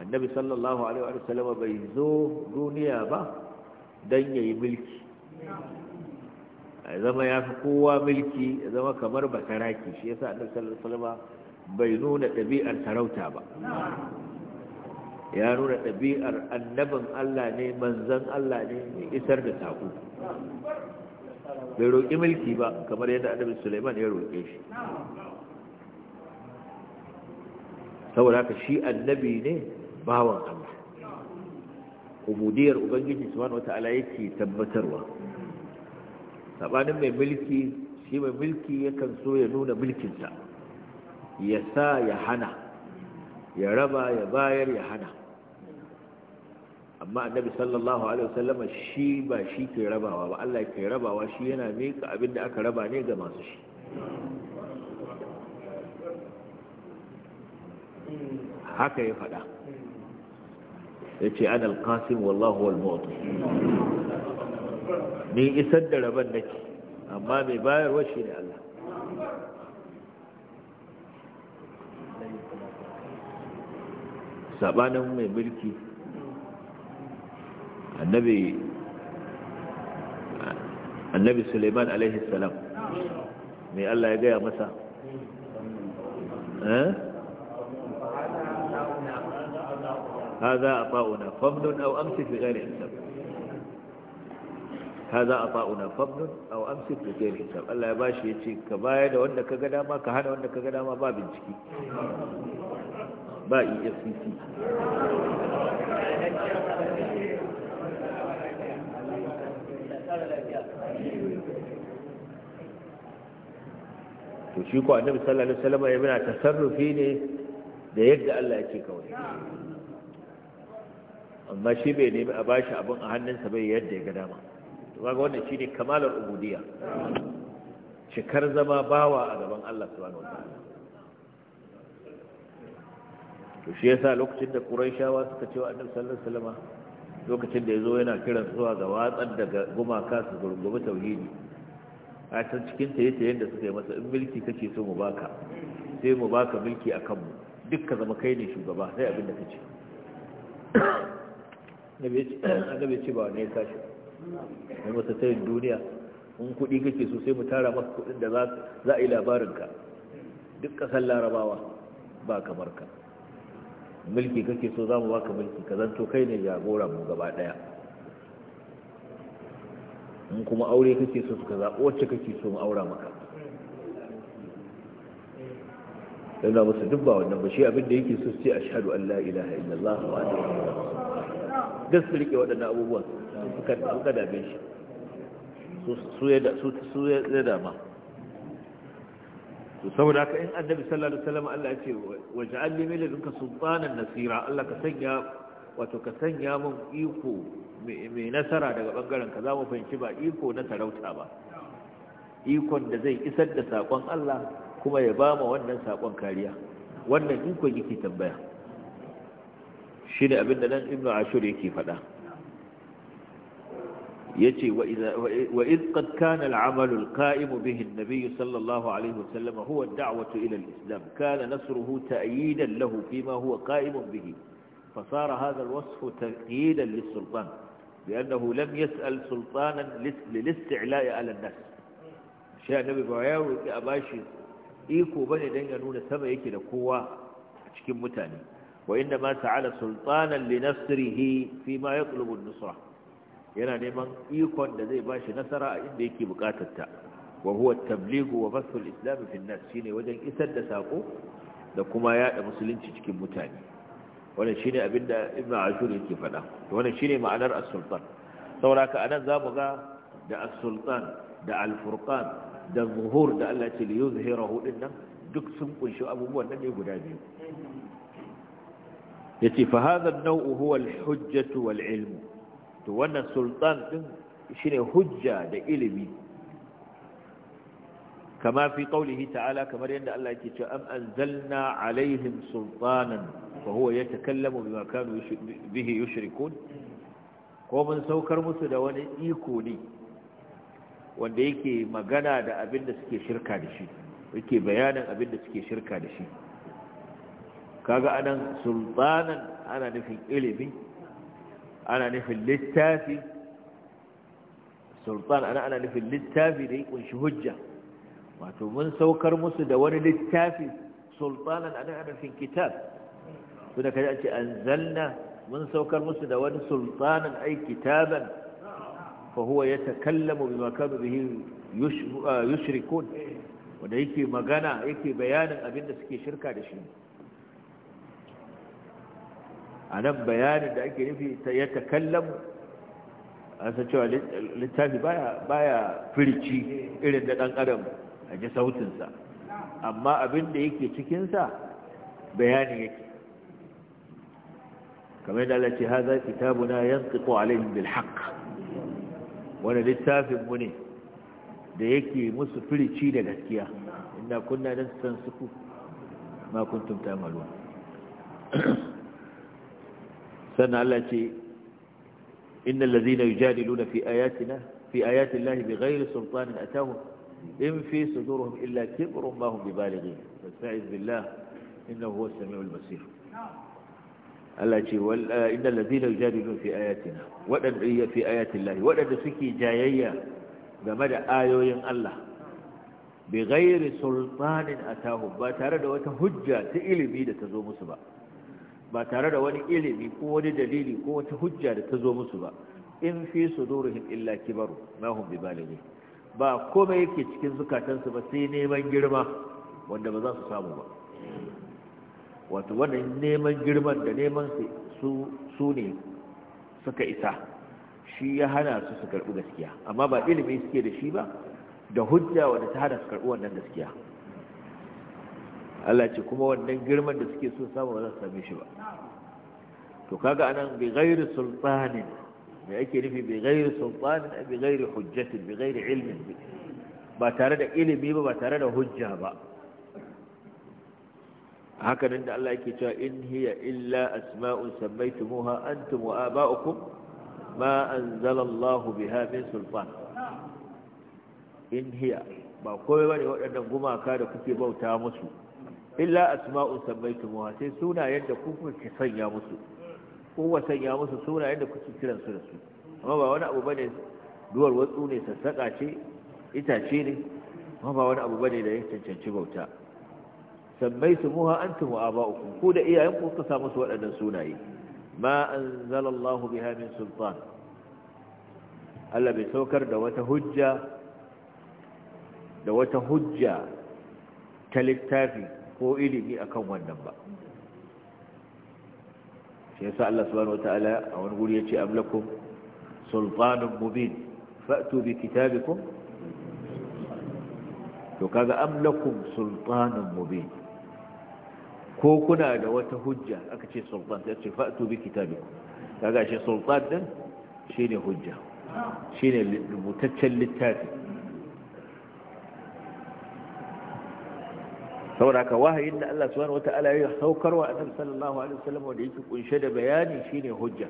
annabi sallallahu alaihi wa sallam bai zo duniya ba don ya yi mulki a zama ya fi kowa mulki ya zama kamar basaraki shi yasa annabi sallallahu alaihi wa sallam bai nuna ɗabi'ar sarauta ba ya nuna ɗabi'ar annabin Allah ne manzan Allah ne mai isar da saƙo bai roƙi mulki ba kamar yadda annabi suleiman ya roƙe shi saboda ka shi annabi ne bawan Allah ubudiyar ubangiji subhanahu ala yake tabbatarwa sabanin mai mulki shi mai mulki yakan so ya nuna mulkinsa ya sa ya hana ya raba ya bayar ya hana amma annabi sallallahu alaihi wasallama shi ba shi ke rabawa ba Allah ke rabawa shi yana mika abin da aka raba ne ga masu shi haka ya faɗa ya ce an alƙasim wallahu walmotu ni isar da rabon nake amma mai bayarwa shi ne Allah saɓanin mai mulki annabi suleiman alaihi salam mai allah ya gaya masa ha eh? a fa'una fomdun au amsi fi gari a ha a fa'una fomdun au amsi fi gari a allah ya ba shi ya ka baya da wanda ka gada ma ka hana wanda ka gada ma babin ciki ba a to shi ko annabi sallallahu alaihi wasallam yana tasarrufi ne da yadda Allah ya ce kawai amma shi bai nemi a bashi abin a hannunsa bai yadda ya ga dama to kaga wannan shine kamalar ubudiyya cikar zama bawa a gaban Allah subhanahu wataala to shi yasa lokacin da Qurayshawa suka ce wa Annabi sallallahu alaihi wasallam lokacin da yazo yana kiran zuwa ga watsar da gumaka su gurgubi tauhidi a can cikin ta yace yanda suka yi masa in mulki kake so mu baka sai mu baka mulki akan mu duk ka zama kai ne shugaba sai abin da kace annabi ya ce ba wani ya kashi mai masa tayin duniya in kudi kake so sai mu tara maka kudin da za a yi labarinka duk dukkan larabawa ba kamar ka mulki kake so za mu baka mulki ka zanto kai ne jagora mu gaba ɗaya in kuma aure kake so suka zaɓo wacce kake so aura maka dan na musu dubba wannan ba shi abin da yake so sai ashhadu an la ilaha illallah wa anna duk su rike waɗannan abubuwan suka suka dame shi su su ya da su su ya da ma saboda haka in annabi sallallahu alaihi wasallam Allah ya ce waj'al li min ladunka sultanan nasira Allah ka sanya wato ka sanya mun iko mai nasara daga bangaren ka za mu fahimci ba iko na sarauta ba ikon da zai isar da sakon Allah kuma ya ba mu wannan sakon kariya wannan ikon yake tambaya shi ne abinda nan ibnu ashur yake faɗa yace wa iz qad kana al-amalu al-qa'imu bihi an-nabiy sallallahu alayhi wa sallam huwa ad-da'watu ila al-islam kana nasruhu ta'yidan lahu fima huwa ka'imun bihi فصار هذا الوصف تقييدا للسلطان لأنه لم يسأل سلطانا للاستعلاء على الناس shi annabi ba ya roƙi a bashi iko bane dan ya nuna sama yake da kowa a cikin mutane wa inda ma ta'ala sultanan li nasrihi fi ma yatlubu nusra yana neman ikon da zai bashi nasara a inda yake bukatar ta wa huwa at-tabligh wa basth al-islam shine wajen isar da sako da kuma yada musulunci cikin mutane wannan shine abinda asur ashur yake faɗa wannan ne ma'anar as-sultan a haka anan zamu ga da as-sultan da al-furqan da zuhur da Allah ce liyuzhirahu hudun nan duk sun kunshi abubuwan nan ne guda biyu ce fa hadha nau'u nawu huwa hujjatu wal to wannan sultan din shine hujja da ilimi kama fi qaulihi ta'ala kamar yadda Allah yake cewa am anzalna alaihim sultanan fa huwa yatakallamu bima kanu bihi yushrikun ko mun saukar musu da wani iko ne wanda yake magana da abin suke shirka da shi yake bayanin abin da suke shirka da shi kaga anan sultanan ana nufin ilimi ana nufin littafi ana nufin littafi da ya ƙunshi hujja wato mun saukar musu da wani littafi sultanan ana arafin kitab su da kaji ce anzalna mun saukar musu da wani sultanan ai kitaban fa huwa yatakallamu bima kanu bihi yushrikun wanda yake magana yake bayanin abin da suke shirka da shi a nan bayanin da ake nufi ya takallamu an san cewa littafi baya firici irin da ɗan adam a ji sautinsa amma abin da yake cikinsa bayani yake kamar da Allah ce haza kitabuna yantiqu alaihim bil haqq wani littafin mu ne da yake musu firici da gaskiya inna kunna nastansiku ma kuntum ta'malun sannan Allah ce innal ladhina yujadiluna fi ayatina fi ayati llahi bighayri sultanin atahum in fi sudurhum illa kibrun ma hum bibalighi fasta'iz billah innahu huwas samiul basir Allah ce wal innal ladina yujadilun fi ayatina wadanda fi ayatillahi wadanda suke jayayya game da ayoyin Allah bi ghairi sultanin atahum ba tare da wata hujja ta ilimi da ta zo musu ba ba tare da wani ilimi ko wani dalili ko wata hujja da ta zo musu ba in fi sudurihim illa kibaru ma hum bibalighi ba komai yake cikin zukatansu ba sai neman girma wanda ba za su samu ba wato wannan neman girman da neman su ne suka isa shi ya hana su su karɓi gaskiya amma ba ilimin suke da shi ba da hujja wanda ta hana su karɓi wannan gaskiya Allah ce kuma wannan girman da suke so samu ba za su same shi ba to kaga anan bi ghairi sultanin me ake nufi bi gairi sultanin bi gairi hujjatin bi gairi ilmin ba tare da ilimi ba ba tare da hujja ba haka nan da Allah yake cewa in hiya illa asma'un sammaytumuha antum wa aba'ukum ma anzala Allah biha min sultan in hiya ba komai bane waɗannan gumaka da kuke bauta musu illa asma'un sammaytumuha sai sunayen da kuke sanya musu Ko kowa sanya musu suna da kuke kiran su da su amma ba wani abu bane duwar watsu ne sassaƙa ce itace ne amma ba wani abu bane da ya cancanci bauta sammai su muha an tumu a uku, ko da iyayen ku ka samu su waɗannan sunaye ma an zalallahu bi hamin sultan Allah bai saukar da wata hujja da wata hujja ta littafi ko ilimi akan wannan ba shi yasa Allah subhanahu wataala a wani guri yace amlakum sultanun mubin fa'tu bi kitabikum to kaga amlakum sultanun mubin ko kuna da wata hujja aka ce sultan sai ce fa'tu bi kitabikum kaga shi sultan din shine hujja shine rubutaccen littafi saboda ka wahayin da Allah subhanahu wata'ala ya saukarwa annabi sallallahu alaihi wasallam wanda yake kunshe da bayani shine hujja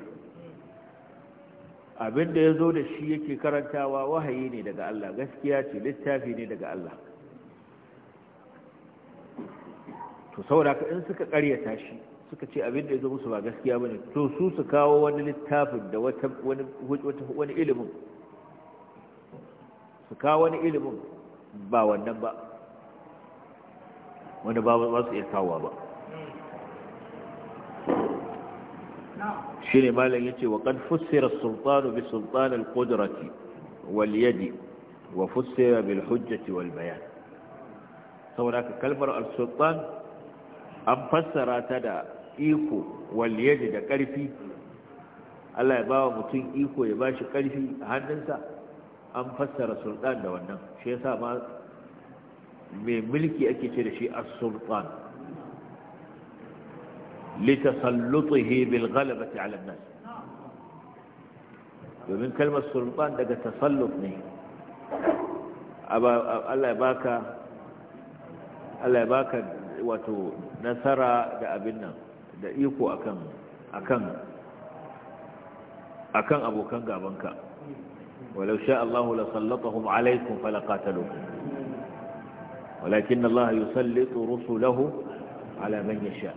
abin da ya zo da shi yake karantawa wahayi ne daga Allah gaskiya ce littafi ne daga Allah to saboda ka in suka karyata shi suka ce abin da ya zo musu ba gaskiya bane to su su kawo wani littafin da wata wani wani ilimin su kawo wani ilimin ba wannan ba wanda ba ba su iya kawowa ba shine malam yace wa qad fussira as-sultanu bi sultan al kudurati wal yadi wa fussira bil hujjati wal bayan saboda kalmar al-sultan an fassara ta da iko wal yadi da karfi Allah ya bawa mutum iko ya ba shi karfi a hannunsa an fassara sultan da wannan shi ma mai mulki ake ce da shi a sultan litasallutuhi bil ghalabati ala an-nas domin kalmar sultan daga tasalluf ne Allah ya baka Allah ya baka wato nasara da abin nan da iko akan akan akan abokan gabanka walau sha Allahu la sallatahum alaikum falaqataluhum walakin Allah yusallitu rusulahu ala man yasha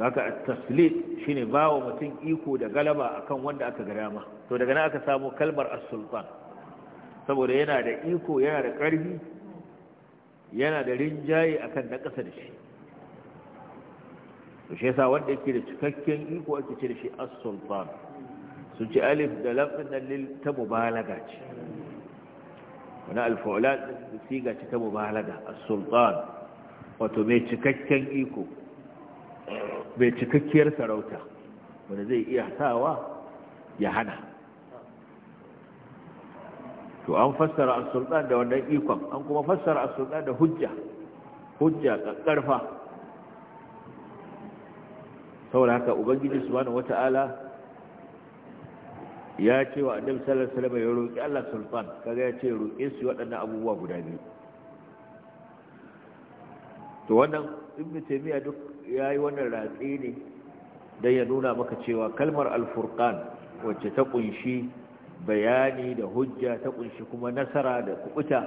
zaka at-taslit shine bawa mutum iko da galaba akan wanda aka ga dama to daga nan aka samu kalmar as-sultan saboda yana da iko yana da ƙarfi yana da rinjaye akan na ƙasa da shi to shi yasa wanda yake da cikakken iko ake ce da shi as-sultan sun alif da lafin nan ta mubalaga ce wani alfa'ulat siga ce ta mubalaga a sultan wato mai cikakken iko mai cikakkiyar sarauta wanda zai iya sawa ya hana to an fassara a sultan da wannan ikon an kuma fassara a sultan da hujja hujja ƙarfa saboda haka ubangiji su wata wata'ala ya ce wa annabi sallallahu alaihi wasallam ya roki Allah sulfan kaga ya ce roƙe su waɗannan abubuwa guda biyu to wannan ibnu taymiya duk yayi wannan ratsi ne dan ya nuna maka cewa kalmar al-furqan wacce ta kunshi bayani da hujja ta kunshi kuma nasara da kubuta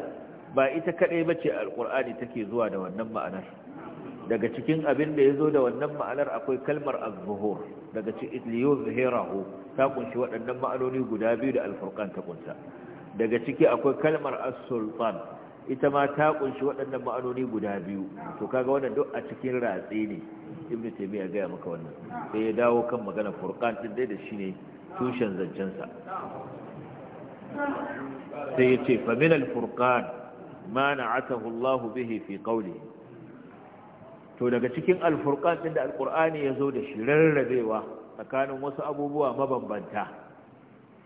ba ita kadai bace al-qur'ani take zuwa da wannan ma'anar daga cikin abin da ya zo da wannan ma'anar akwai kalmar az-zuhur daga cikin liyuzhirahu ta kunshi waɗannan ma'anoni guda biyu da al-furqan ta kunsa daga ciki akwai kalmar as-sultan ita ma ta kunshi waɗannan ma'anoni guda biyu to kaga wannan duk a cikin ratse ne ibnu taymiya ga maka wannan sai ya dawo kan magana furqan din dai da shine tushen zancen sa sai ya ce fa min al-furqan ma na'atahu Allah bihi fi qawlihi to daga cikin alfurkan din da alkur'ani ya zo da shi rarrabewa tsakanin wasu abubuwa mabambanta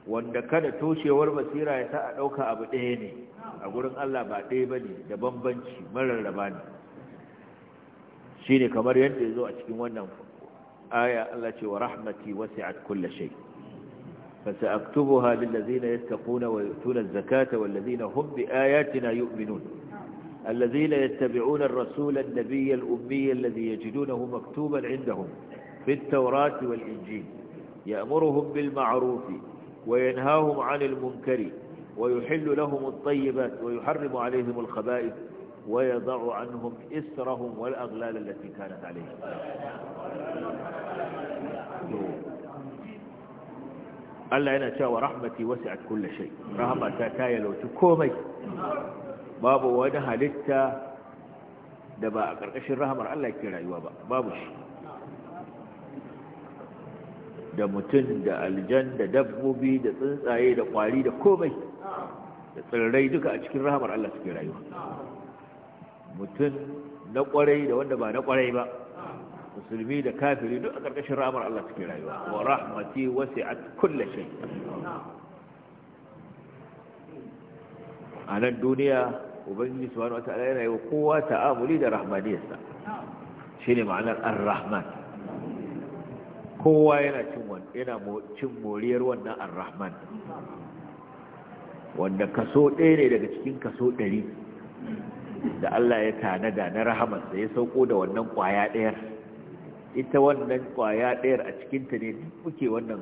wanda kada toshewar basira ya sa a ɗauka abu ɗaya ne a gurin Allah ba ɗaya ba ne da bambanci mararraba ne shi ne kamar yadda ya zo a cikin wannan aya Allah ce wa rahmati wasi'at kulla shay فسأكتبها للذين يتقون ويؤتون الزكاة والذين هم بآياتنا يؤمنون الذين يتبعون الرسول النبي الأمي الذي يجدونه مكتوبا عندهم في التوراة والإنجيل يأمرهم بالمعروف وينهاهم عن المنكر ويحل لهم الطيبات ويحرم عليهم الخبائث ويضع عنهم إسرهم والأغلال التي كانت عليهم الله أنا شاء ورحمتي وسعت كل شيء رحمة لو تكومي babu wani halitta da ba a ƙarƙashin rahamar Allah ke rayuwa ba babu shi da mutum da aljan da dabbobi da tsuntsaye da kwari da komai da tsirrai duka a cikin rahamar Allah suke rayuwa mutum na kwarai da wanda ba na kwarai ba musulmi da kafiri duk a ƙarƙashin rahamar Allah suke rayuwa wa rahmati wasi'at kulli shay a nan duniya ubangiji subhanahu wataala yana yi wa kowa ta'amuli da rahmaniyarsa shine ma'anar ar-rahman kowa yana cin yana cin moriyar wannan ar-rahman wanda kaso ɗaya ne daga cikin kaso ɗari da Allah ya tanada na rahamarsa ya sauko da wannan ƙwaya ɗayar ita wannan ƙwaya ɗayar a cikinta ne duk muke wannan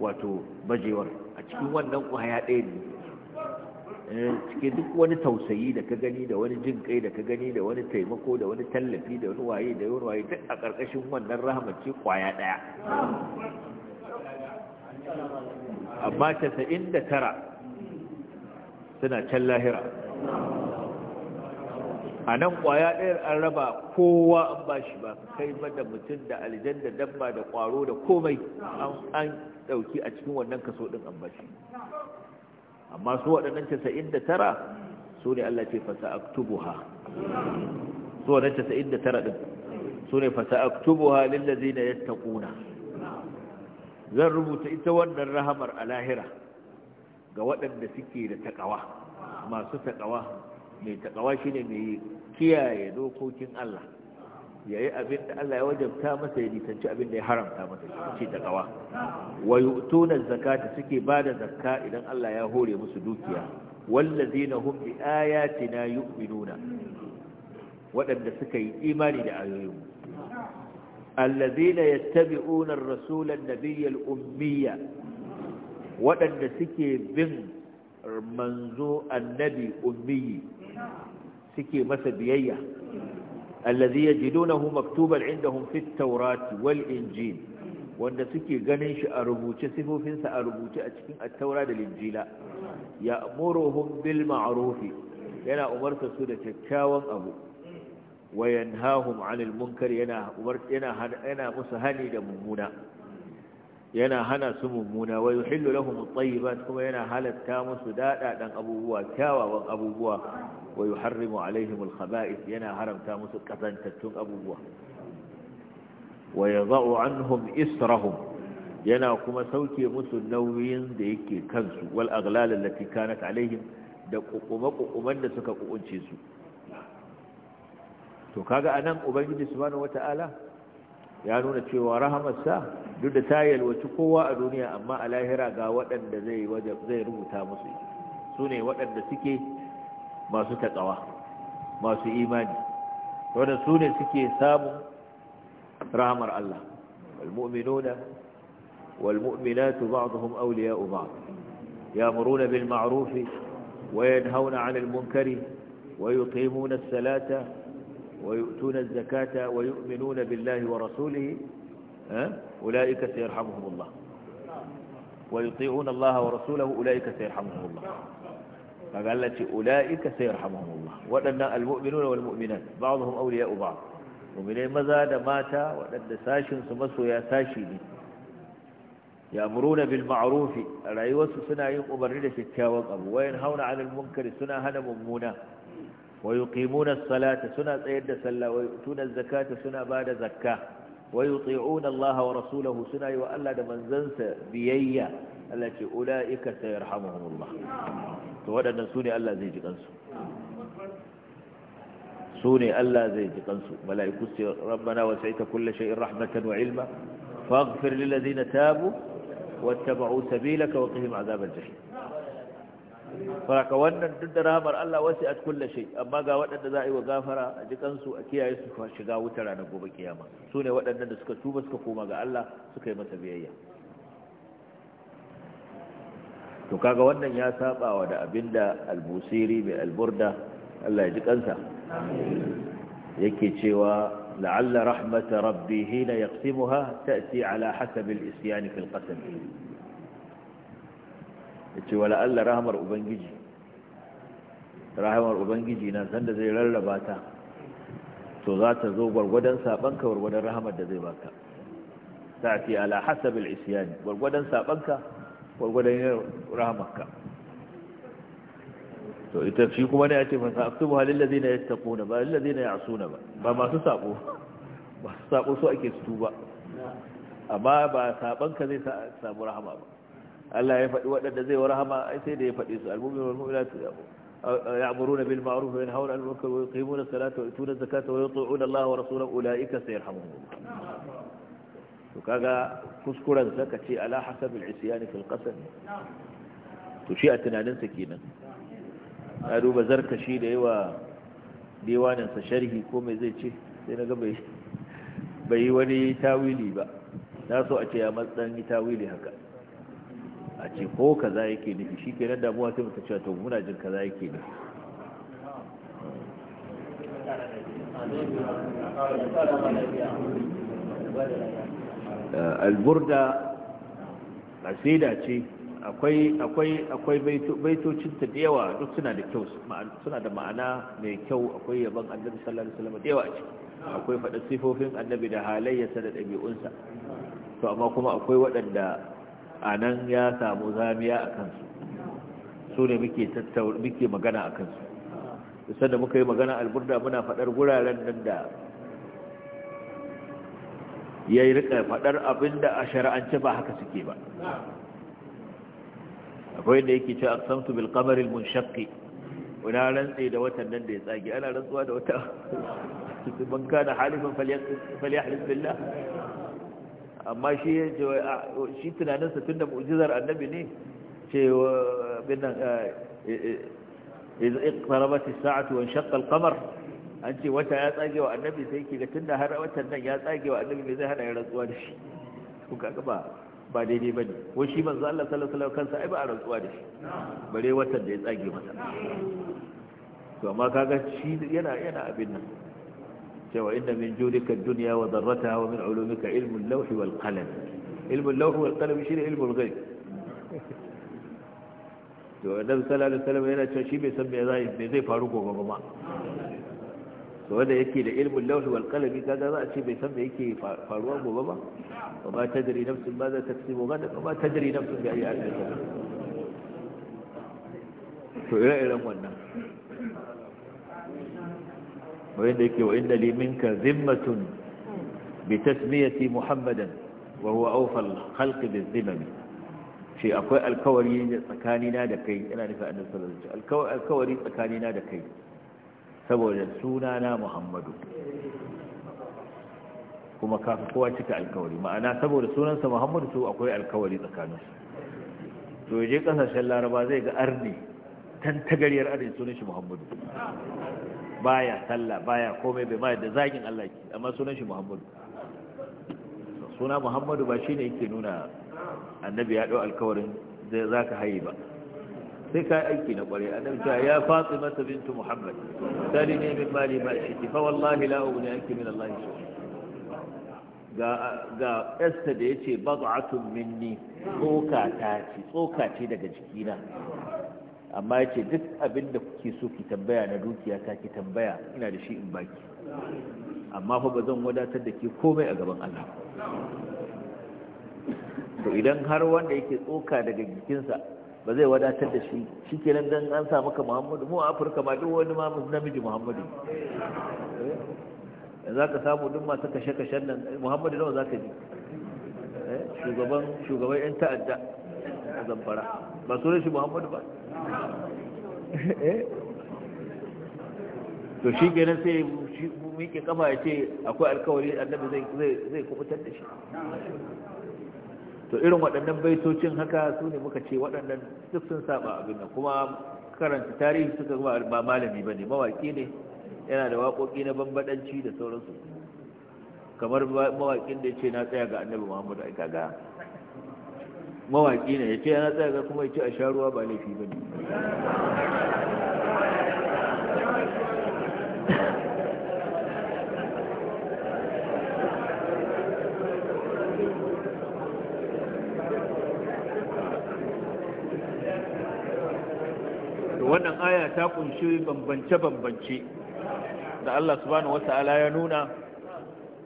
wato bajewar a cikin wannan ƙwaya ɗaya ne Eh, cike duk wani tausayi da ka gani da wani jin kai da ka gani da wani taimako da wani tallafi da wani waye da wani waye duk a ƙarƙashin wannan rahmaci kwaya ɗaya amma casa'in da tara suna can lahira a nan kwaya ɗayar an raba kowa an ba shi ba kai da mutum da aljan da dabba da kwaro da komai an ɗauki a cikin wannan kaso ɗin an ba shi amma su waɗannan casa'in da tara su ne Allah ce fasa aktubuha su waɗannan casa'in da tara ɗin su ne fasa aktubuha lillazi na yadda ƙuna zan rubuta ita wannan rahamar a lahira ga waɗanda suke da taƙawa masu taƙawa mai taƙawa shine mai kiyaye dokokin Allah ya yi abin da Allah ya wajabta masa ya nisanci abin da ya haramta masa shi ce ta gawa wa yu'tuna zakata suke bada zakka idan Allah ya hore musu dukiya wallazina hum bi ayatina yu'minuna wadanda suka yi imani da ayoyin allazina yattabi'una ar-rasula an-nabiyya biyar ummiyya wadanda suke bin manzo annabi ummi suke masa biyayya allazi yajidunahu maktuban inda fit tawrat wal injil wanda suke ganin shi a rubuce sifofinsa a rubuce a cikin attaura da linjila ya amuruhum bil ma'arufi yana umarta su da kyakkyawan abu wayan yanhahum 'anil munkar yana yana yana musu hani da mummuna yana hana su mummuna wa yuhillu lahum at-tayyibat kuma yana halatta musu dadadan abubuwa kyawawan abubuwa wa yuharrimu alaihim al-khaba'ith yana haramta musu kazantattun abubuwa wa yadha'u anhum israhum yana kuma sauke musu nauyin da yake kansu wal aghlal allati kanat alaihim da kukuma kukuman da suka kukunce su to kaga anan ubangiji subhanahu wata'ala ya nuna cewa rahamarsa duk da ta yalwaci kowa a duniya amma a lahira ga waɗanda zai zai rubuta musu su ne waɗanda suke masu taƙawa masu imani wanda su ne suke samun rahamar Allah al walmu'minatu ba'dhum awliya'u ba'd ya'muruna bil ma'ruf wa yanhauna 'anil munkari wa yuqimuna as-salata wa yu'tuna az-zakata wa yu'minuna billahi wa rasulihi أولئك سيرحمهم الله ويطيعون الله ورسوله أولئك سيرحمهم الله فقال لك أولئك سيرحمهم الله وأن المؤمنون والمؤمنات بعضهم أولياء بعض ومن مزاد مات وأن ساشن سمسو يا ساشيني يأمرون بالمعروف رأيوس سنة يقبرن شكاوة أبو وينهون عن المنكر سنة هنا ممونة ويقيمون الصلاة سنة سيد سلا ويؤتون الزكاة سنة بعد زكاه ويطيعون الله ورسوله سنة وألا دمن زنس بيية التي أولئك سيرحمهم الله تودى أن سوني ألا زي قنسو سوني ألا زي قنسو ملائكو ربنا وسعيت كل شيء رحمة وعلما فاغفر للذين تابوا واتبعوا سبيلك وقهم عذاب الجحيم faraka wannan duk da rahamar Allah wasi a kulli shi amma ga waɗanda za a yi wa gafara a jikansu a kiyaye su shiga wuta ranar gobe kiyama su ne waɗanda da suka tuba suka koma ga Allah suka yi masa biyayya to kaga wannan ya saba wa da abinda al-busiri mai albarda Allah ya ji kansa yake cewa la'alla rahmat rabbi hina yaqsimuha ta'ti ala hasab al-isyan fi qasam ya ce wala Allah rahamar ubangiji rahamar ubangiji na sanda zai rarraba ta to za ta zo gwargwadon saɓanka gwargwadon rahamar da zai baka ta'ti ala hasab al-isyan gwargwadon sabanka gwargwadon rahamarka to ita shi kuma ne a ce fasa aktubu halil ladina yattaquna ba lil ladina ya'suna ba ba masu sabo ba su sabo su ake su tuba amma ba saɓanka zai samu rahama ba Allah ya faɗi waɗanda zai wa rahama ai sai da ya faɗi su al-mu'minu wal mu'minatu ya'muruna bil ma'ruf wa yanhauna 'anil munkar wa yuqimuna as-salata wa yu'tuna az-zakata wa yuti'una Allah wa rasulahu ulaika sayarhamuhum to kaga kuskuren saka ce ala hasabil isyan fil qasam to shi a tunanin sa kenan ya duba zarkashi da yawa diwanin sa sharhi ko me zai ce sai naga bai bai wani tawili ba na so a ce ya matsan tawili haka a ce ko kaza yake nufi shi ke nan damuwa sai mutum cewa to muna jin kaza yake nufi eh, alburda asida ce akwai akwai akwai baitocin ta da yawa duk suna da kyau suna da ma'ana mai kyau akwai yaban annabi sallallahu alaihi wasallam da yawa ce akwai faɗa sifofin annabi da halayyarsa da dabi'unsa to amma kuma akwai waɗanda a nan ya samu zamiya a kansu su ne muke magana a kansu kusan da muka yi magana alburda muna faɗar guraren nan da ya yi rika faɗar abin da a shara'ance ba haka suke ba akwai da yake ce aksamtu bil mun shakki wani rantse da watan nan da ya tsage ana rantsuwa da wata su ban kana halifan falyahlif billah amma shi ya ce shi tunaninsa tun da mu'jizar annabi ne ce bin nan idza e, e, iqtarabat as-sa'atu wa shaqqa al-qamar an ce wata ya tsage wa annabi sai ke ga tunda har watan nan ya tsage wa annabi ne zai hana ya rantsuwa da shi ko kaga ba ba daidai bane ko shi manzo Allah sallallahu alaihi wasallam kansa ai ba a rantsuwa da shi bare watan da ya tsage masa to amma kaga shi yana yana abin nan وإن من جودك الدنيا وضرتها ومن علومك علم اللوح والقلم علم اللوح والقلم يشير علم الغيب النبي صلى الله عليه وسلم هنا لك بيسمي يسمي هذا يزي فاروقه وغما وهذا يكي لعلم اللوح والقلم كذا ذا شيء يسمي يكي فاروقه وغما وما تدري نفس ماذا تكسب غدا وما تدري نفس بأي أعلى سبب فإلى إلى wanda yake wa inna li minka zimmatun bi tasmiyati muhammadan wa huwa awfa al-khalq bi-dhimmami shi akwai tsakanina da kai yana nufi annabi sallallahu alaihi wasallam alkawari tsakanina da kai saboda sunana muhammadu kuma kafin kowa cika ma'ana saboda sunansa muhammadu su akwai to je kasashen laraba zai ga arni tan tagaryar arni sunan shi muhammadu baya sallah baya komai bai ma da zagin Allah ke amma sunan shi Muhammadu suna Muhammadu ba shine yake nuna annabi ya dau alkawarin zai zaka hayi ba sai ka aiki na kware annabi ta ya Fatima bintu Muhammad ne min mali ma shi fa wallahi la ughni anki min Allah shay'a ga esta da ya ce bazu'atun minni tsoka ta ce tsoka ce daga jikina amma yace duk abin da kuke so ki tambaya na dukiya ta ki tambaya ina da shi in baki amma fa ba zan wadatar da ke komai a gaban Allah to idan har wanda yake tsoka daga jikinsa ba zai wadatar da shi shi ke nan an sa maka muhammadu mu a afirka ma duk wani ma namiji muhammadu eh, za ka samu duk masu kashe-kashen nan muhammadu nawa za ka ji eh, shugaban 'yan ta'adda zamfara ba sunan shi muhammadu ba eh? to shi kenan sai mu miƙe kafa ya ce akwai alkawari annabi zai kubutar da shi to irin waɗannan baitocin haka su ne muka ce waɗannan duk sun saba abin nan kuma karanta tarihi suka ba malami ba ne mawaƙi ne yana da waƙoƙi na bambadanci da sauransu kamar mawaƙin da ya ce na tsaya ga annabi muhammadu aika ga mawaƙi ne ya ce yana tsaye ga kuma ya a sha ruwa ba laifi ba ne wannan aya ta kunshi bambance-bambance da Allah subhanahu ta'ala ya nuna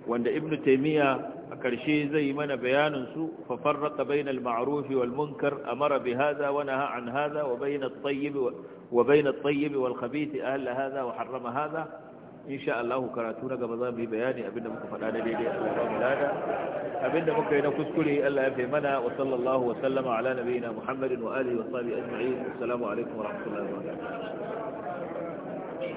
wanda ibnu taimiyya أكرشي زي من بيان سوء ففرق بين المعروف والمنكر أمر بهذا ونهى عن هذا وبين الطيب وبين الطيب والخبيث أهل هذا وحرم هذا إن شاء الله كراتونا قبضان ببياني أبن مكفلان ليلي أبن مكفلان كسكري ألا يفهمنا وصلى الله وسلم على نبينا محمد وآله وصحبه أجمعين والسلام عليكم ورحمة الله وبركاته